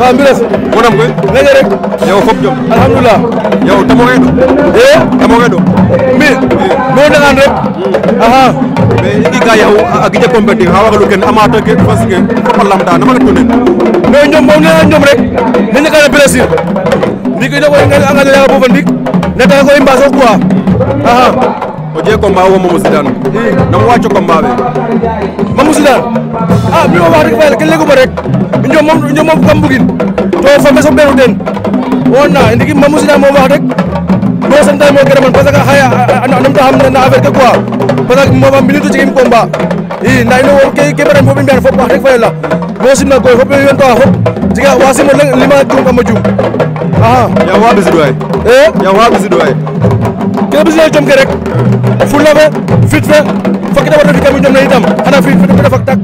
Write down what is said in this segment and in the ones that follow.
waaw mbires wonam koy nage rek yow fop jom alhamdoulilah yow tamo xe ɗo e eh? tamo xe ɗo mi mo nangan rek hmm. axa mais i ɗika yaw a gija compétir xa ken amata ke parce que fopa lamta nama ret to nen mais ñom moom nana ñom rek ne ñakana blessure ndiki ino koy anga leya bofa ndik netaxa koy mbaso quoi axa o jeg combat wo Mamadou Zidane hmm. nam waco combat fe Mamadou Zidane a ah, mi o wax rek fa yala rek moom ñoom moom kam bugin to fo so ɓeru den wonna ndiki mamusina moom wax rek bo santa mo ke man a que xaye a numta xam na affaire ke quoi parce que moom a minute jegim combat i nda ino ke ke ɓaran fop i mbiyan wax rek fa yela bo simna goy fop yontowa fop jega wa simo leng lima juum kamo juum axa yaam wa ɓisid waay yaam wa ɓisid waay te bis jëm ke rek ful na fa fit fa fokk dama def kami dem na itam xanaa fi fi dafa tak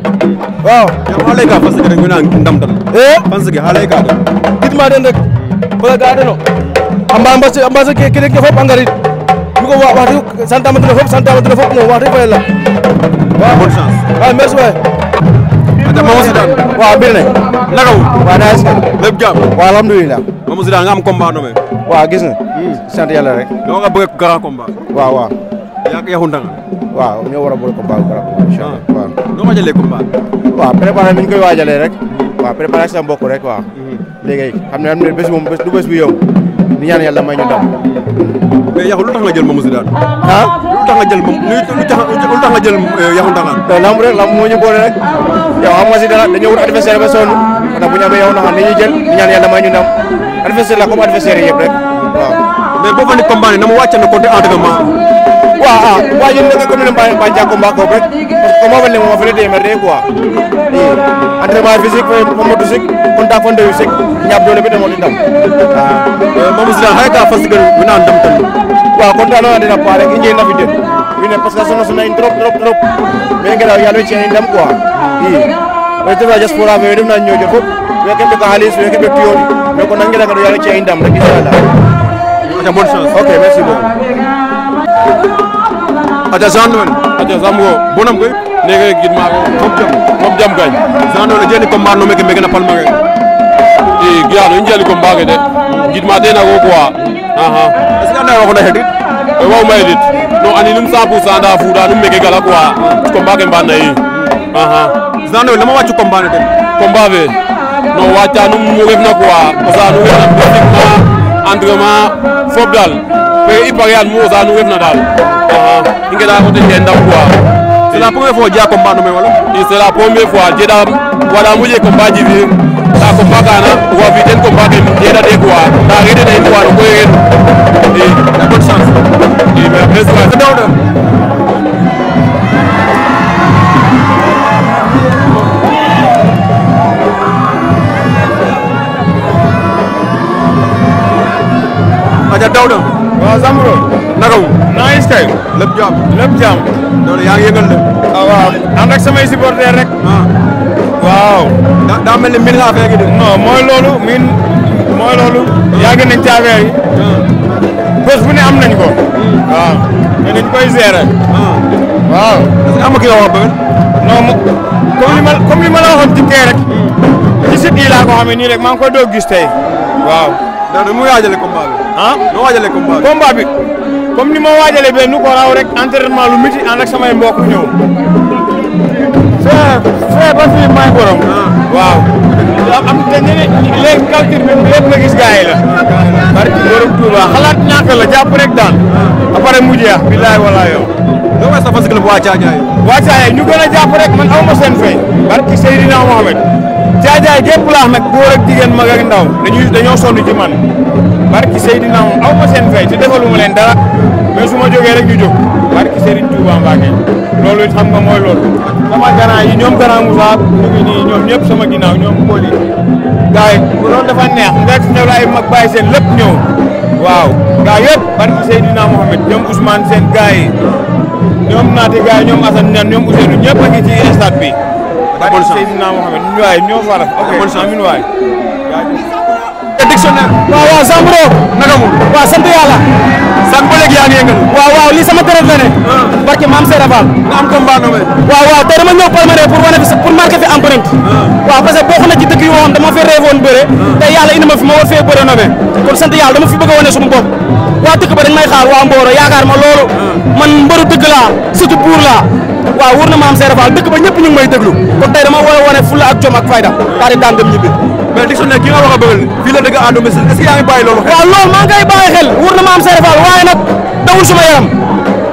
waaw ya halay ka fas ke ngina ndam dal eh fas ke halay ka gitma den rek bala ga deno amba amba amba ke ke ke fop angarit mi ko wax wax santa ma dina fop santa ma dina fop mo wax dëgg fa yàlla waaw bonne chance waaw merci waay ada Mama Zidane waaw bir ne nakaw waaw daa est lépp jàmm waaw alhamdulilah Mama Zidane nga am combat nommé waaw gis na Hmm. sant eh? yalla ya, ah. rek. do nga bëgg grand combat. waaw waaw. yak yahu ndang waaw ñoo wara bëgg combat grand combat inshallah waaw do nga jëlé combat. waaw préparé ni ñu koy wajalé rek. waaw préparation bokku rek waaw. léegi xam am na bés mom bés du bés bu yow. ni ñaan yalla may ñu ndam. mais yahu lu tax nga jël Mamou Zidane. ha lu tax nga jël moom lu tax lu tax nga jël yahu ndang la lamb rek lamb moo ñu boole rek. yow am nga si dara dañoo wut adversaire ya, ba sonu da bu ñame yahu ndang ni ñu jël ni ñaan yalla may ñu ndam adversaire la comme adversaire yépp rek mais boo fa ni combat ni na ma wàccan côté entraînement waaw ah waaye yéen nga comme ne mbaye mbaye jàkko mbako rek parce que comment wala mo fele de merde quoi entraînement physique sik contact fonde yu sik ñaab doole bi demoon ndam ah, waaw hay ka fas gën bu naan dem tan na dina pare na fi de ñu ne parce que sono sono trop trop trop mais nga daw ci ndam quoi yi way tefa diaspora be dem na ñoo jot fop weke be ko xaalis weke be tuyoodi mais kon Aja bonne chance. Ok, merci beaucoup. Aja Zandone. a Zamgo. Bonam koy. Nege gid ma ko. Mom jam. Mom jam kay. Zandone jeni ko meke meke na palma kay. E gyano injeli ko mbage de. Gid ma de na ko kwa. Aha. Est-ce que na eh, ko na hedit? E ma hedit. No ani num 100% da fu num meke gala kwa. Ko mbage mbana yi. Aha. Zandone lama wacu ko mbane de. Ko mbave. No wacha num mo refna kwa. Ko sa num na entraînement foofu daal mais i pare yaal mu osa nu refna daal i ngena xote ke ndam quoi c'est la première fois jea combat no me wala i la première fois jeda wala mu jeg combat jifir nda combat kana wa fi ten combat ke jeda de quoi nda rede na in wano koy ren i bonne chance lépp jaam lépp jaam. loolu yaa ngi yëgal ah, waaw ànd ak samay supporter rek. Ah. waaw. daa daa mel ni min laa fekk de. non mooy loolu min mooy loolu. Ah. yàgg nañ ci affaire yi. bés am nañ ko. Hmm. waaw mais dañ koy gérer. waaw. parce que am na kii wax ba ma comme li ma la waxoon ci rek. Hmm. ci site yi ko xamee nii rek maa ngi koy doog gis tey. waaw. donc nu mu waajalee combat bi. ah nu mu waajalee combat bi comme ni ma waajalee benn nu ko raw rek lu métti ànd ak samay mbokk ñëw. c'est c'est ba fii may borom. waaw. am te ñu ne léegi culture bi lépp nga gis gars yi la. parce que borom Touba jàpp rek daal. après mu jeex billaay wala yow. donc est ce que fas waa Caajaay. waa Caajaay ñu gën a jàpp rek man aw ma seen fay. barki Seydina Mohamed. Caajaay gépp laax nag góor ak jigéen mag ak ndaw dañuy dañoo sonn ci Seydina moom ma seen fay te defaluma leen dara. mais su ma jógee rek ñu jóg barki Serigne Touba Mbacke loolu it xam nga mooy loolu sama garant yi ñoom garant Moussa ñu ngi ñoom ñëpp sama ginnaaw ñoom Koli gars yi loolu dafa neex nga ñëw la ay mag bàyyi seen lépp ñëw waaw gars yëpp barki Seydina Mohamed ñoom Ousmane seen gars yi ñoom naati gars yi ñoom Assane ñan ñoom Ousseynou ñëpp a ngi ci stade bi barki Seydina Mohamed ñu fara ok amin waay dictionnaire waaw waaw Zambro naka ak ba léegi yaa ngi yëngal. waaw waaw lii sama période la ne. Ah. barke maam Seera Fall. nga am combat nommé. waaw waaw tey dama ñëw palmarès pour wane fi pour marquer fi empreinte. Ah. waaw parce que boo xam ne ci dëkk yu ma xam dama fee réewoon bëre. Ah. tey yàlla indi ma fi ma war fee bëre nommé. kon sant yàlla dama fi bëgg a wane bopp. waa dëkk ba dañ xaar waa Mboro yaakaar ma loolu. man mbëru dëgg laa surtout buur laa. waaw wóor na maam Seere Faal dëkk ba ñëpp ñu ngi may kon tey dama war a wane fulla ak jom ak fayda daal di daan dem ñibbi mais di ne ki nga wax a bëggal fii la dëgg à domicile est-ce que yaa ngi loolu xel waaw loolu maa ngi koy xel wóor na maam Seere Faal waaye nag dawul suma yaram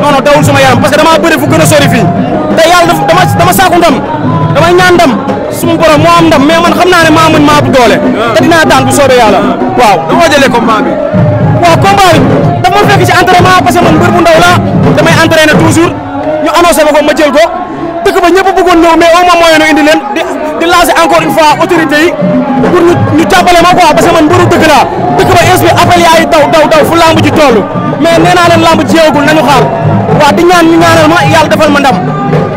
non dawul suma yaram parce que damaa bëri fu a sori fii te yàlla dama dama ndam damay ñaan ndam sumu borom moo ndam mais man xam naa ne maa mën maa bu doole ah. te dinaa daan bu soobee yàlla ah. annoncé ma ko ma jël ko dëkk ba ñëpp bëggoon ñëw mais au moins moyen di di lancer encore une fois yi pour ñu ñu ma quoi parce que man mbëru dëkk laa dëkk ba inspi appel yaay daw daw daw fu lamb ji toll nee naa leen lamb ji jeexagul nañu xaar waaw di ñaan ñu ñaanal ma yàlla defal ma ndam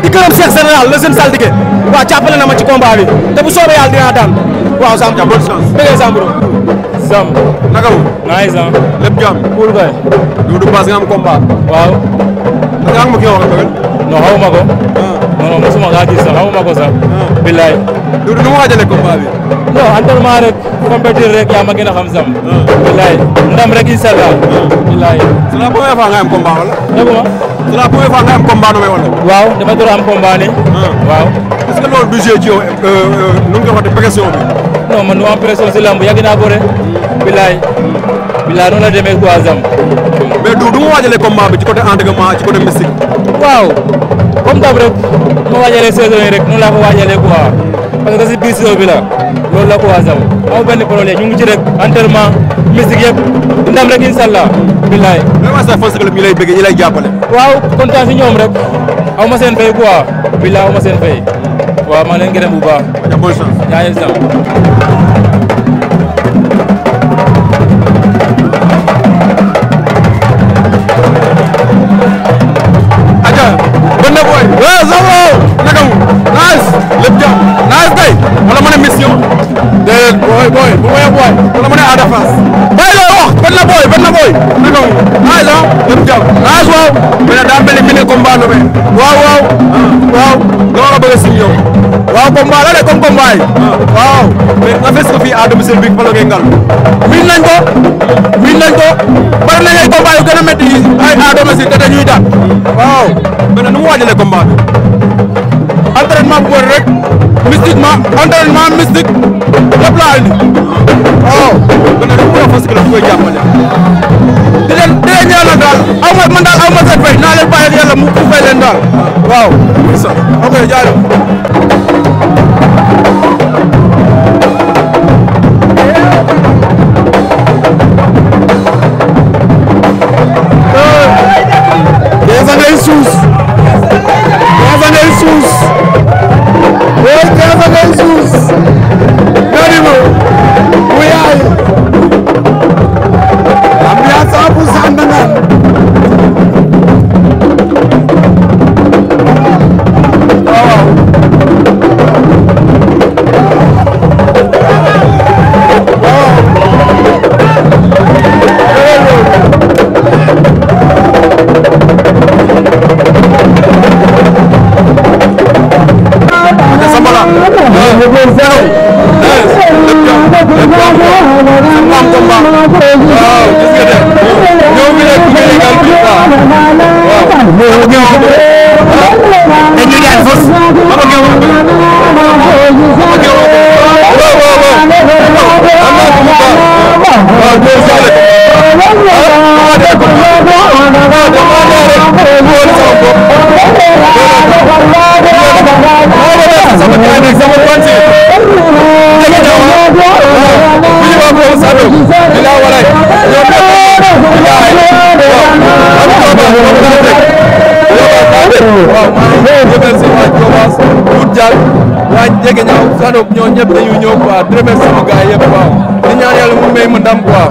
di gërëm Cheikh Général le jeune saltige waaw jàppale na ma ci combat te bu soobee yàlla dinaa daan waaw Samb ja bonne chance bëggee Samb Samb naka wu naay kuul kay non xaw ma ko. non ah. non mosuma kaa gis sax xaw ma ko sax. Ah. billaay. Doudou nu mu waajalee combat bi. rek compétir rek ah. rek incha allah. billaay. c'est la nga am combat la waaw dama door am combat waaw. est-ce que ci yow euh, euh, nu mu joxoon pression bi. non man nu am pression si lamb yàgg naa ko rek. Hmm. Hmm. billaay. noonu la demee quoi sam. mais du du ma waajalee combat bi ci côté entraînement ci côté mystique. waaw comme dab rek ma waajalee saison yi rek noonu laa ko waajalee quoi parce que si biir saison bi la loolu la ko waajal aw benn problème ñu ngi ci rek entraînement mystique yëpp ndam rek incha allah billaay. vraiment sa fan club ñi lay bëgg ñi lay jàppale. waaw kontaan si ñoom rek aw ma seen fay quoi billaay aw ma seen fay waaw maa ngi leen gërëm bu baax. bonne chance yaa ngi waaw sax naka mu naaj lépp jàmm naaj tey wala ma mission déedéet booy booy bu ma booy wala ma ne Ada Fass loo wax booy benn booy naka mu naaj ah lépp jàmm waaw mais nag daa mel waaw waaw waaw dama la bëgg a signé waaw combat la de waaw mais nga fes ko fii à domicile Ngal miin nañ ko miin nañ ko bari nañ ay combat ay à domicile te daan waaw nga ne nu mu waajalee combat bi. entraînement bu bëri rek mystiquement entraînement mystique lépp laa indi waaw oh, nga ne rek bu la fas la koy jàppale. di leen di leen ñaanal daal aw ma man daal aw ma seen fay naa leen bàyyi ak yàlla mu fay leen remercier waa Diobass Doudou Diagne waa Ndiéguéniao Sanob de ñëpp Je ñëw quoi de remercier sama gars yëpp waaw di ñaan yàlla mu may mu ndam quoi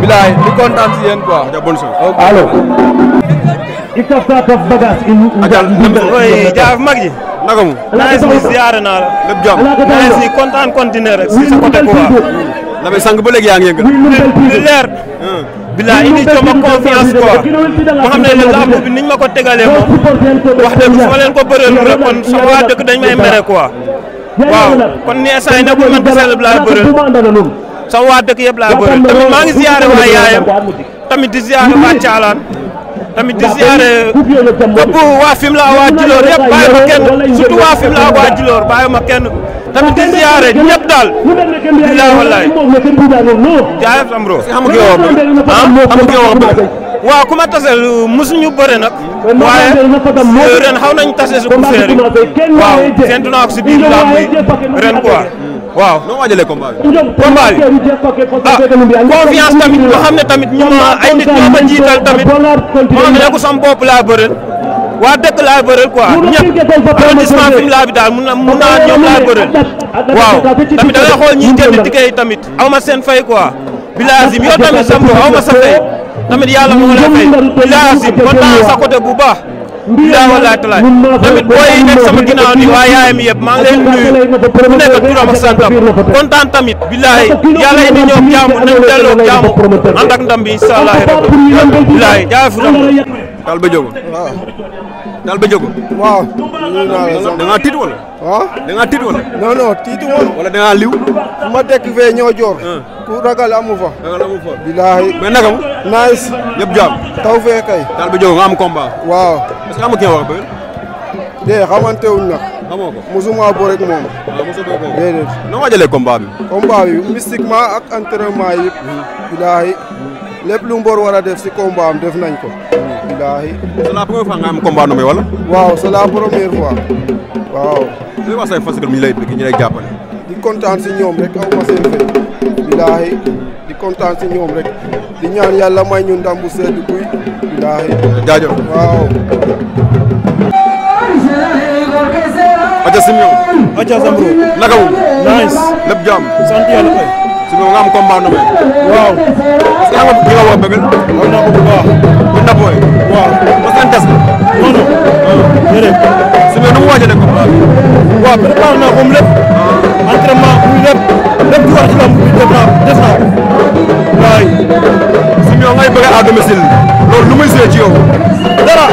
bilaay di kontaan si yéen quoi. allo. Ikaf sa toog bagage. ooy jaaf mag ji. naka mu. naaj bi siyaare naa la. lépp jàmm naaj bi de continuer rek. si sa côté bu baax. damay sang ba léegi yaa ngi yëngal. leer. Hmm. bilaay indi sama confiance quoi ma xam ne leen làmb bi niñ ma ko tegalee moom wax dëgg su ma leen ko bëree lu rek kon sama waa dëkk dañ may mere quoi kon ni instant yi nekkul man kese la bi laa bëreel waa dëkk yëpp laa bëreel tamit maa ngi ziare waa yaayam tamit di ziare waa caalaan tamit di ziare képp waa Fimela waa Djilor yëpp bàyyi ma kenn surtout waa Fimela waa Djilor bàyyi ma kenn tamit di ziare ñëpp daal. bilaay walaay. jaayef am roo. amu kee woo ba ah amu kee woo ba. waaw ku ma taseel mosuñu bëre nag. waaye ren xaw nañ tase si ku waaw séntu naa si biir làmb ren quoi. waaw noo ah, tamit nga xam tamit ñu ma ay nit ñoo ma jiital tamit ma ne ko sam bopp laa waa dëkk laa bëral quoi ñëpp arrondissement fi mu laa bi daal mun na ñoom laa bëral waaw tamit da ngay xool ñi jënd ticket yi tamit aw ma seen fay quoi bilaazim yow tamit sam bo aw sa fay tamit yàlla moo la fay bu baax bilaa walaay talaay tamit booy yi nekk sama ginnaaw ni waa yaayam yëpp maa ngi leen nuyu ku turam ak santam kontaan tamit bilaay yàlla indi ñoom jaamu nañ delloo jaamu ànd ak ndam bi incha allah rabbi bilaay jaay fu dal ba jogo waaw dal ba jogo waaw da nga tit wala waaw da nga tit wala non non titu won wala da nga liw ma tek fe ñoo jor ah. ku ragal amu fa ragal amu fa billahi mais nakam nice yeb jam taw fe kay dal ba jogo nga am combat waaw est ce am ki wax ba de xamante wuñ nak xamoko musuma bo rek mom ah, musuma bo de no wajale combat bi combat bi mystiquement ak entraînement yeb hmm. billahi hmm. lepp lu mbor wara def ci combat am def nañ ko billahi c'est la première fois nga am combat nommé wala. waaw c'est la première fois waaw. li wax say fas mi ñu lay ñu lay jàppale. di kontaan si ñoom rek aw ma seen fay. billahi di kontaan si ñoom rek di ñaan yàlla may ñu ndam bu sedd guy. billahi jaajëf waaw. Adja Simion. Adja Sambro. naka wu. nice. lépp jàmm. sant yàlla kay. su nga am combat nommé. waaw. est-ce que nga ko bëggal. am naa ko bu baax. bu Ndaboye. waaw ba sant as non ma euh, mu waajalee combat bi. waaw préparé naa comme lépp. entraînement muy lépp. lépp lu war ci lamb bi waay. su ngay bëgg à domicile. loolu lu muy suyee ci dara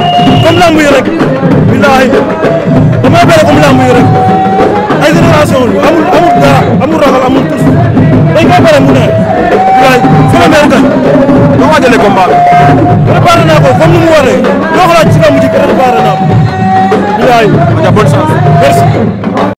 comme lamb yi rek. bilaay damay bëre comme lamb dara amul ragal amul tus dañ koy bëre mu ne. bilaay su ma nga waajale combat bi. préparé naa ko comme ni mu waree. loo xam ne ci kaw mu ji préparé ko. bilaay ma jàppoon chance merci.